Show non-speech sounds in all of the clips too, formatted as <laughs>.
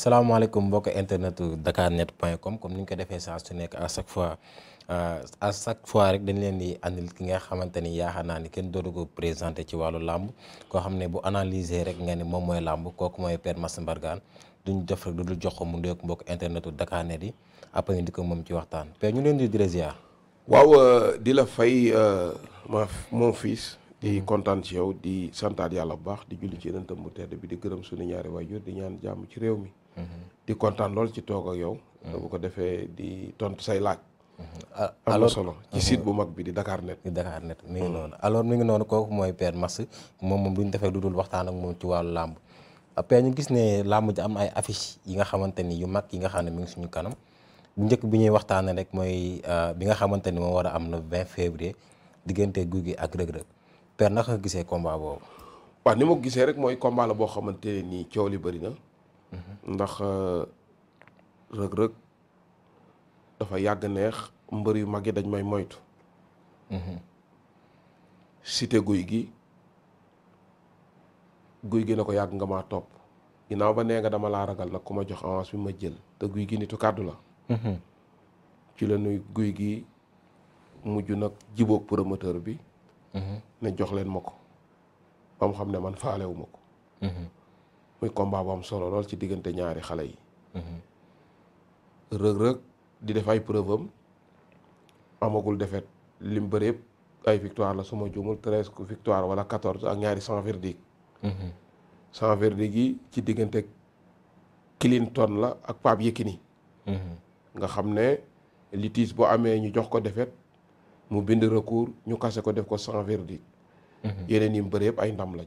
salaamaaleykum mbokk internet dakar net point com comme ni ñu ko defee saa su nekk à chaque fois euh, à chaque fois rek dañu leen di andil ki nga xamante ni yaakaar naa ni kenn dootu ko présenté ci wàllu làmb koo xam ne bu analyser rek nga ni moom mooy làmb kooku mooy Père Max Mbargane duñ def rek du dul jox ko mu ndeek mbokk internet dakar net yi après ñu di ko moom ci waxtaan Père ñu leen di dire ziar waaw euh, di la fay euh, ma mon fils di mm-hmm. kontaan ci yow di santaat yàlla bu baax di julli ci yeneen bu tedd bi di gërëm suñu ñaari waajur di ñaan jàmm ci réew mi di kontaan lool ci toog ak yow. bu ko defee di tontu say laaj. am na solo ci site bu mag bi di Dakar Net. di Dakar Net mi ngi hmm. noonu alors mi ngi noonu kooku mooy Père Max moom moom lu ñu defee lu dul waxtaan ak moom ci wàllu làmb. Ah, Père ñu gis ne làmb ji am ay affiche yi nga xamante ni yu mag yi nga xam ne mi ngi suñu kanam bu njëkk bi ñuy waxtaanee rek mooy ah, bi nga xamante ni moo war a am na 20 février diggante Gouye gi ak Reug Reug nag naka nga gisee combat boobu. ni ma gisee rek mooy combat boo xamante nii coow li bëri na. ndax euh, Reug Reug dafa yàgg neex mbër yu mag yi dañ may moytu. site mhm. guy gi guy gi ne ko yàgg nga ma topp ginnaaw ba nee nga dama laa ragal nag ku ma jox avance bi ma jël te guy gi nitu kàddu la. Mhm. ci la nuy guy gi mujj nag jiboog promoteur bi. Mhm. ne jox leen ma ko ba mu xam ne man faalewu ko. muy combat bu am solo lool ci diggante ñaari xale yi. Mhm. rëg-rëg di def ay preuve am amagul defet lim bëri yëpp ay victoire la suma jumul treize victoire wala quatorze ak ñaari sans verdict mhm. sans verdict yi ci diggante Clinton la ak Pape Yekini mhm. nga xam ne litige boo amee ñu jox ko defet mu bind recours ñu kase ko def ko sans verdict yeneen yi mu bëri yëpp ay ndam lañ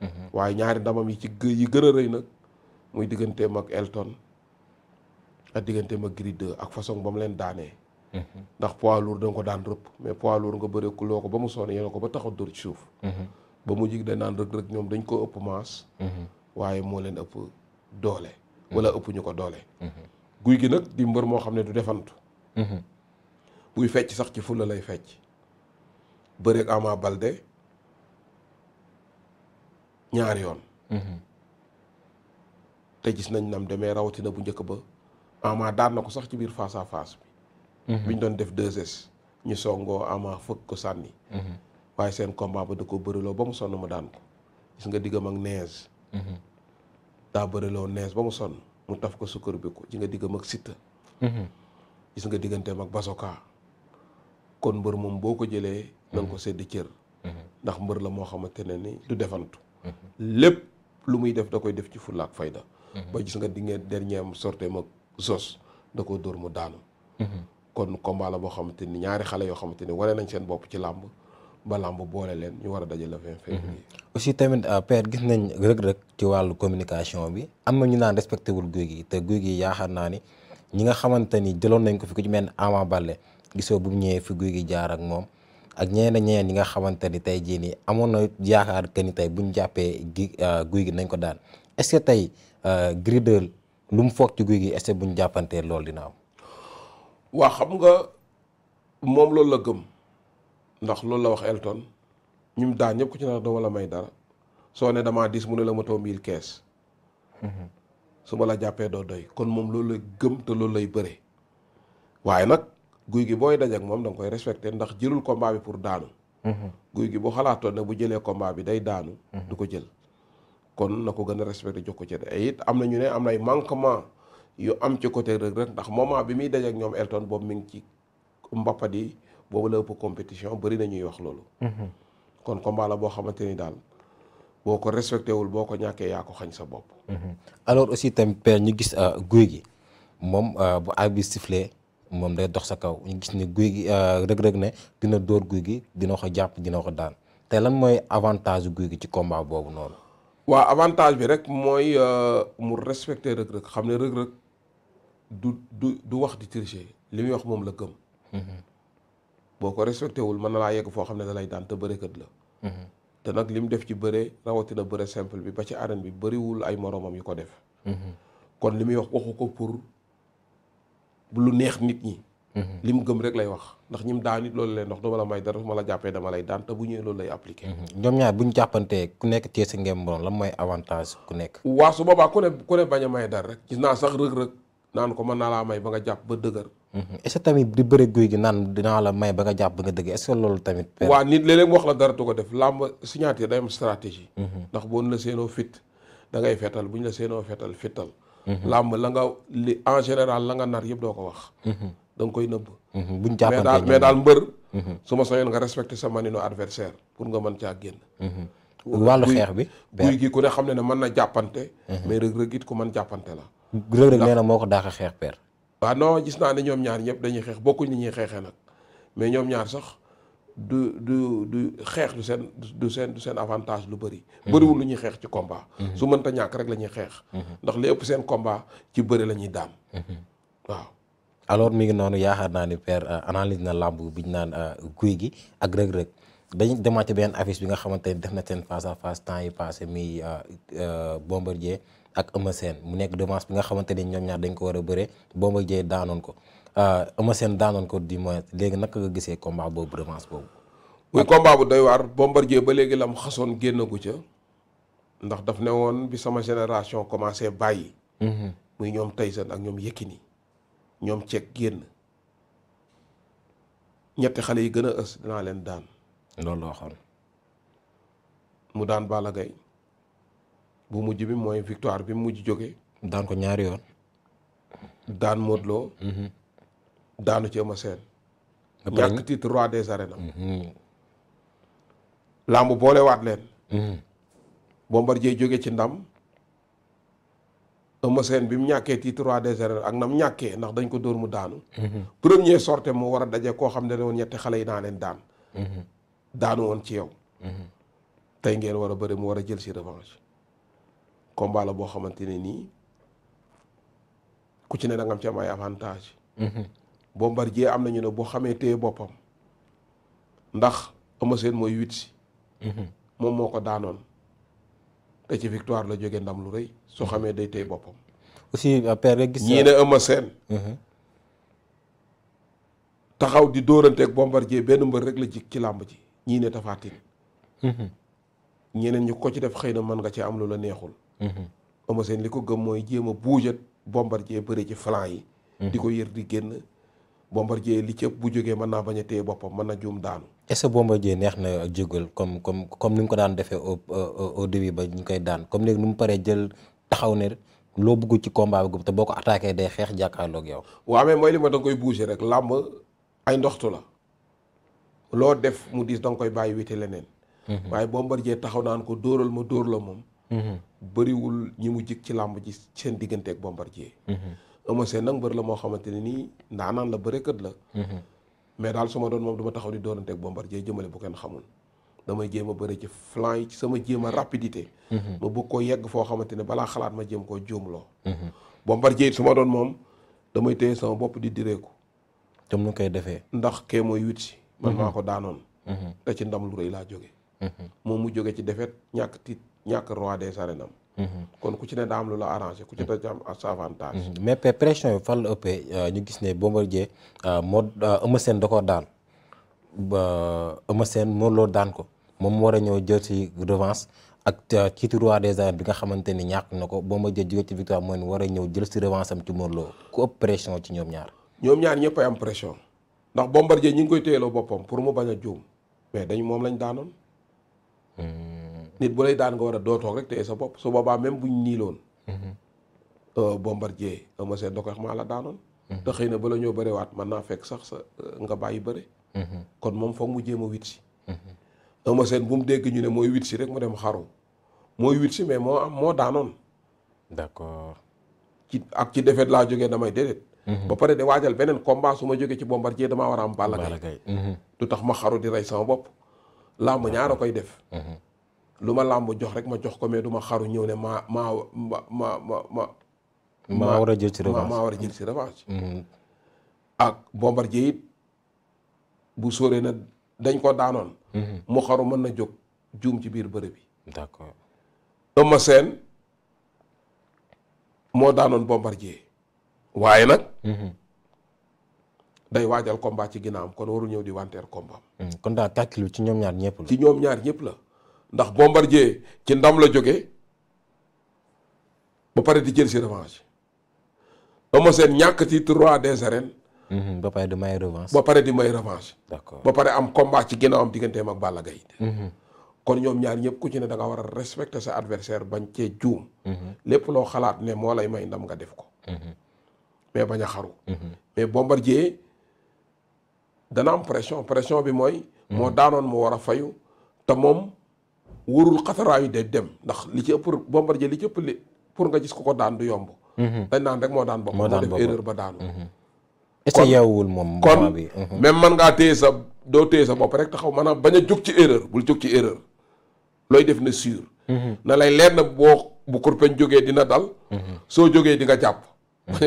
Mm-hmm. waaye ñaari ndamam yi ci yi gën a rëy nag muy digganteem ak Elton ak digganteem ak Gris ak façon ba mu leen daanee. Mm-hmm. ndax poids lourd da ko daan rëpp mais poids lourd nga bëre kuloo ko ba mu sonn yéen ko ba taxaw dóor ci suuf. Mm-hmm. ba mu jig dañ naan rëg rëg ñoom dañ ko ëpp maas. waaye moo leen ëpp doole. wala ëpp ñu ko doole. guy gi nag di mbër moo xam ne du defantu. buy fecc sax ci fulla lay fecc. bëreeg Ama Balde ñaari yoon mhm. te gis nañ nam demee rawatina bu njëkk ba ama daan na ko sax ci biir face à face bi mhm. biñ doon def 2S ñu songoo ama fëkk ko sànni mhm. waaye seen combat ba da ko bëriloo ba mu sonn mu daan gis nga diggam ak nees daa bëriloo nees ba mu mu taf ko sukkar bi ko ci nga diggam ak Siteu gis nga digganteem ak basoka kon mbër moom boo ko jëlee na ko sedd cër ndax mbër la moo xamante ne ni du defantu lépp lu muy def da koy def ci fulla ak fayda. Mhm. ba gis nga dingeen ngeen mu sorte sorté ma zos da koo dóor mu daanu. Mhm. kon combat la boo xamante ni ñaari xale yoo xamante ni wane nañ seen bopp ci làmb ba làmb boole leen ñu war a daje le 20 aussi tamit euh, per gis nañ Reug Reug ci wàllu communication bi am na ñu naan respecté wul guy gi te guy gi yaakaar naa ni ñi nga xamante ni jëloon nañ ko fi ku ci mel ni Ama Baldé gisoo bu mu ñëwee fi guy gi jaar ak moom. ak ñeneen ak yi nga xamante ni tey jii nii amoon na yaakaar que ni tey bu ñu jàppee gi euh, guy gi nañ ko daan est-ce que tey euh, Gris 2 lu mu foog ci guy gi est-ce bu ñu jàppantee loolu dina am. waa xam nga moom loolu la gëm ndax loolu la wax Elton ñu daan ñëpp ku ci nar dama la may dara soo ne damaa dis mu ne la ma taw mille mhm. su ma la jàppee doo doy kon moom loolu lay gëm te loolu lay bëre waaye nag. guy gi booy dajak moom da koy respecté ndax jëlul combat bi pour daanu mhm. guy gi boo xalaatoon ne bu jëlee combat bi day daanu du ko jël kon na ko gën a respecté jox ko ci ay it am na ñu ne am na ay manquement yu am ci côté Reug Reug ndax moment bi muy dajak ñoom Elton boobu mi ngi ci mbappat yi boobu la ëpp compétition bari na ñuy wax loolu mhm. kon combat la boo xamante ni daal boo ko respecté wul boo ko ñàkkee yaa ko xañ sa bopp mhm. alors aussi tamit père ñu gis euh, guy gi moom euh, bu arbitre sifflé moom day dox sa kaw ñu gis ni guy gi euh, rëg-rëg ne dina dóor guy gi dina ko jàpp dina ko daan te lan mooy avantage guy gi ci combat boobu noonu. waa avantage bi rek mooy euh, mu respecter rëg-rëg xam ne rëg-rëg du du du wax di tricher li muy wax moom la gëm. Mhm. boo ko respecté wul mën na laa yegg foo xam ne da lay daan te bërekat la. Mhm. te nag li mu def ci bëre rawatina bëre simple bi ba ci arène bi bëriwul ay moroomam yu ko def. Mhm. kon li muy wax waxu ko pour. bu lu neex nit ñi. Mhm. li mu gëm rek lay wax ndax ñim daan it loolu lay wax dama la may dara ma la jàppee dama lay daan te bu ñëwee loolu lay appliqué. Mhm. ñoom ñaar bu ñu jàppantee ku nekk tee si ngeen borom lan mooy avantage ku nekk. waaw boobaa ku ne ku ne bañ a may dara rek gis naa sax rëg-rëg naan ko mën naa laa may ba nga jàpp ba dëgër. Mhm. tamit di bëre guy gi naan dinaa la may ba nga jàpp ba nga dëgër est ce que loolu tamit. waa nit léeg mu wax la dara du ko def làmb signature day am stratégie. ndax boo la seenoo fit da ngay fetal bu ñu la seenoo fetal fital Mhm. làmb la nga li en général la nga nar yëpp doo ko wax mhm. da nga koy nëbb mhm. buñ jàppante mais daal mais daal mbër su ma sañoon nga respecté sa manino adversaire pour nga man caa génn wàllu xeex bi guy gi ku ne xam ne ne mën na jàppante mais rëg-rëg it ku mën jàppante la rëg-rëg nee na moo ko daax xeex père waaw non gis naa ne ñoom ñaar ñëpp dañuy xeex bokkuñ ni ñuy xeexee nag mais ñoom ñaar sax du du du xeex du seen du seen du seen avantage lu bëri. Mhm. bëriwul lu ñuy xeex ci combat. Mhm. su mënta ñàkk rek la ñuy xeex. Mhm. ndax li ëpp seen combat ci bëri la ñuy daan. waaw. alors mi ngi noonu yaakaar naa ni per euh, analyse na làmb bi ñu naan euh, guy gi ak rëg-rëg dañu demaate benn affiche bi nga xamante ni def na seen face à face temps yi passé muy euh, Bombardier ak Eumeu seen mu nekk devance bi nga xamante ni ñoom ñaar dañ ko war a bëre Bombardier daanoon ko. Euh, Eumeu Sène daanoon ko du moins léegi naka nga gisee combat boobu revanche boobu. muy combat bu day waar Bombardier ba léegi la mu xasoon génn gu ca ndax daf ne woon bi sama génération commencé bàyyi. Mhm. muy ñoom Tyson ak ñoom Yékini ñoom ceeg génn ñetti xale yi gën a ës dinaa leen daan. loolu waxoon. mu daan Balla Gaye bu mujj bi mooy victoire bi mu mujj jóge daan ko ñaari yoon. daan Modou daanu ci Eumeu Sène ñàkk titre roi des arènes mhm. làmb boolewaat leen jee mhm. jóge ci ndam Eumeu Sène bi mu ñàkkee titre roi des arènes ak na mu ñàkkee ndax dañ ko dóor mu daanu mhm. premier sortie mu war a daje koo xam ne woon ñetti xale yi naa leen daan daanu woon ci yow tey ngeen war a bëri mu war a jël si revanche combat boo xamante ne nii ku ci ne da nga am ci am ay avantage Bombardier am nañu ne boo xamee téye boppam ndax Eumeu Sène mooy huit si mhm. moom moo ko daanoon te ci victoire la jóge ndam lu rey soo mhm. xamee day téye boppam aussi euh, père rek gis ñii ne euh, Eumeu Sène mhm. taxaw di dóoranteeg Bombardier benn mbër rek la jik ci làmb ci ñii ne Tapha ñeneen ñu ko ci def xëy na mën nga ci am lu la neexul Eumeu Sène li ko gëm mooy jéem a buujat Bombardier bëri ci flanc yi di ko yër di génn Bombardier li ci bu jógee mën naa bañ a téye boppam mën na juum daanu. est-ce que Bombardier neex na jógal comme comme comme ni mu ko daan defee au ñu koy daan comme léegi nu mu paree jël taxaw ne loo bëgg ci combat bi te boo ko attaqué day xeex jàkkaarloog yow. waaw mooy li ma da nga koy rek làmb ay ndoxtu la loo def mu diis da nga koy wite leneen. Mhm. waaye Bombardier taxaw naan ko dóoral ma dóor la moom. Mhm. bariwul ñi mu jig ci làmb ji seen digganteeg Bombardier. Mhm. Eumeu Sène nag mbër la moo xamante ne nii ndaanaan la kët la mhm. mais daal su ma doon moom du ma taxaw di dooranteeg Bombardier jëmale bu kenn xamul damay jéem a bëri ci flanc yi ci sama jéem a rapidité mhm. ma bëgg koo yegg foo xamante ne balaa xalaat ma jéem koo juumloo mhm. Bombardier su ma doon moom damay téye sama bopp di direeku tam nu koy defee ndax kee mooy wit si man maa ko daanoon te ci ndam lu rëy laa jóge moom mu jóge ci defet ñàkk tiit ñàkk roi des arènes am Mhm. kon ku ci ne daa am lu la arrangé ku ci ne daa am sa avantage. Mhm. mais pe pression yi fan la euh, ñu gis ne Bombardier euh, moo euh, Eumeu Sène da ko daan ba Eumeu Sène moo loo daan ko moom moo war a ñëw jël si revanche ak titre roi des arènes bi nga xamante ni ñàkk na ko Bombardier jóge ci victoire mooy war a ñëw jël si revanche am ci moo loo ku ëpp pression ci ñoom ñaar. ñoom ñaar ñëpp ay am pression ndax Bombardier ñu ngi koy téyeloo boppam pour mu bañ a juum mais dañ moom lañ daanoon. Mhm. nit bu lay daan nga war a doo toog rek te sa bopp su boobaa même buñ niiloon. Mhm. Euh, bombar Eumeu Sène da ko wax maa la daanoon. Mhm. te xëy na ba la ñoo bëriwaat mën naa fekk sax sa euh, nga bàyyi bëri. Mhm. kon moom foog mu jéem a wit si. Eumeu Sène bu mu dégg ñu ne mooy wit si rek mu dem xaru mooy wit si mais moo am moo daanoon. d'accord ci ak ci defeet laa jógee damay déedéet. ba pare de waajal beneen combat su ma jógee ci jee damaa war a am. Balla Gaye lu tax ma xaru di rey sama bopp. làmb ñaar koy def. lu ma làmb jox rek ma jox ko mais du ma xaru ñëw ne maa maa ma ma ma ma. maa jël ci revanche maa war a jël ci revanche. Mhm. ak Bombardier it bu sóoree na dañ ko daanoon. Mhm. mu xaru mën na jóg juum ci biir bëre bi. d'accord Eumeu Sène moo daanoon Bombardier waaye nag. Mhm. day waajal combat ci am kon warul ñëw di wanteer combat. kon daal calcul ci ñoom ñaar ñëpp la. ci ñoom ñaar ñëpp la. ndax Bombardier ci ndam la jóge ba pare di jël si revanche dama seen ñàkk ci roi des arènes. Mhm, ba pare di may revanche. ba pare di may revanche. d'accord ba pare am combat ci ginnaawam digganteem ak Balla Gaye. Mhm. kon ñoom ñaar ñëpp ku ci ne da nga war a respecter sa adversaire bañ cee juum. Mhm. lépp loo xalaat ne moo lay may ndam nga def ko. mais bañ a xaru. mais Bombardier dana am pression pression bi mooy. moo daanoon mu war a fayu te moom. wóorul xataraayu de dem ndax li ci ëpp Bombardier li ci ëpp li pour nga gis ko ko daan du yomb. Mhm. dañ naan rek moo daan boppam. moo daan boppam ba daanu. Mhm. essayé wul moom kon mhm. même man ngaa téye sa doo téye sa bopp rek taxaw maanaam bañ a jóg ci erreur bul jóg ci na sûr. na lay leer boo bu kurpeñ jógee dina dal. soo jógee di nga a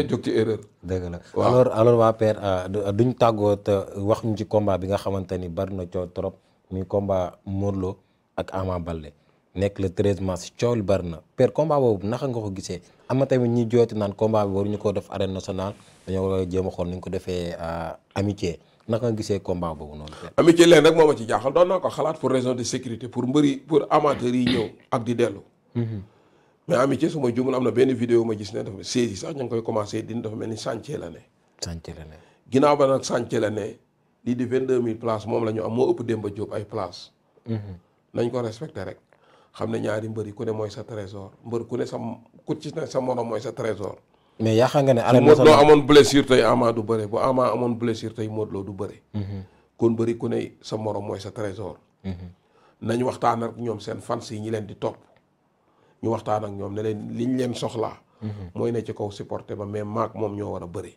jóg ci erreur. dëgg la waaw alors alors waa Père euh, duñ tàggoo euh, wax ñu ci combat bi nga xamante ni bari na coow trop muy combat Lo ak Ama Baldé nekk le 13 mars coow li bari na père combat boobu naka nga ko gisee am na ñu ñi jooti naan combat bi waruñu ko def arène nationale dañoo war a jéem a xool ni ñu ko defee euh, amitié naka nga gisee combat boobu noonu. amitié leen rek moom a ci jaaxal doon naa ko xalaat pour raison de sécurité pour mbëri pour amateurs yi ñëw ak di dellu. Mm-hmm. mais amitié su ma jumul am na benn vidéo ma gis ne dafa saisi sax ñu ngi koy commencé dina dafa mel ni chantier la ne. chantier la ne. ginnaaw ba nag chantier la ne lii di 22000 places moom la ñu am moo ëpp Demba Diop ay places. Mm-hmm. nañ ko respecté rek xam ne ñaari mbër yi ku ne mooy sa trésor mbër ku ne sa ku sa morom mooy sa trésor. mais yaakaar nga ne Arène Nationale Modou Lo amoon blessure tey Ama du bëre bu Ama amoon blessure tey Modou Lo du bëre. Mhm. kon bëri ku ne sa morom mooy sa trésor. Mhm. nañ waxtaan ak ñoom seen fans yi ñi leen di topp ñu waxtaan ak ñoom ne leen liñ leen soxlaa. Mhm. mooy na ci kaw supporté ba mais maak moom ñoo war a bëri.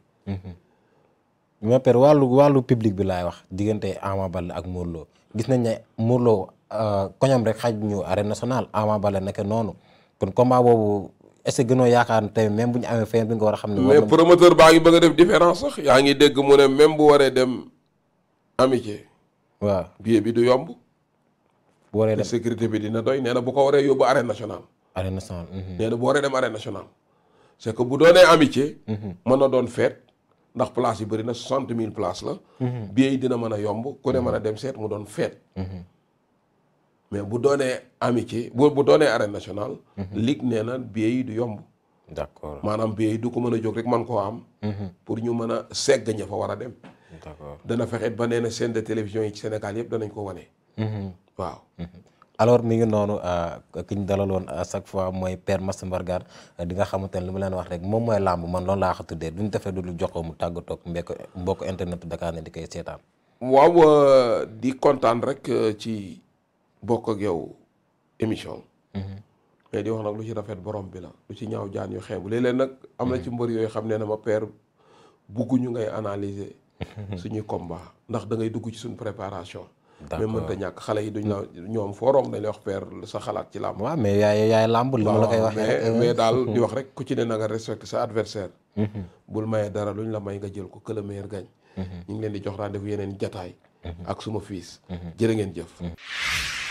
ma per wàllu wàllu public bi laay wax diggante Ama Baldé ak Modou Lo gis nañ ne Modou Lo euh, koñam rek xaj ñu arène nationale Ama Baldé nekk noonu kon combat boobu est-ce que gënoo yaakaar ne tey même bu ñu amee feeñ bi nga war a xam ne. mais promoteur baa ngi bëgg a def yaa ngi dégg mu ne même bu dem amitié. waaw billet bi du yomb. bu waree dem sécurité bi dina doy nee na bu ko waree yóbbu arène nationale. arène nationale. Mhm. nee na bu dem arène nationale. c'est que bu doonee amitié. Mhm. mën na doon fête. ndax place yi bëri na soixante mille place la billet yi dina mën a yomb ku ne mën a dem seet mu doon feet mais bu doonee amitié bu bu doonee arène national ligue nee na yi du yomb d'accord maanaam billet yi du ko mën a jóg rek man koo am pour ñu mën a segg ña fa war a dem d'accord dana fexet ba nee na chaîne de télévision yi ci Sénégal yëpp danañ ko wane mhm. waaw mhm. alors mi ngi noonu euh, ki ñu dalaloon à euh, chaque fois mooy père Max Mbargane euh, di nga xamante ne li ma leen wax rek moom mooy làmb man loolu laa ko tuddee duñ defee du lu jox ko mu tàggatoo ak mbokk mbokk internet Dakar ne di koy seetaan. waaw di kontaan rek ci bokk ak yow émission mhm. mais di wax nag lu ci rafet borom bi la lu ci ñaaw jaan yu xeebu léeg-léeg nag. am na ci mhm. mbër yooyu xam ne na ma père bugguñu ngay analyser. Mhm. suñuy combat ndax da ngay dugg ci suñu préparation. mais mënta ñàkk xale yi duñ la ñoom foo romb dañ lay wax père sa xalaat ci làmb waaw mais yaay yaay làmb li ma la koy waxee mais euh, daal <laughs> di wax rek ku ci ne na nga respecté sa adversaire mhm. bul mayee dara lu ñu la may nga jël ko que le meilleur gagne mhm. ñu ngi leen di jox rendez-vous yeneen jataay mhm. ak suma fiis jërë ngeen jëf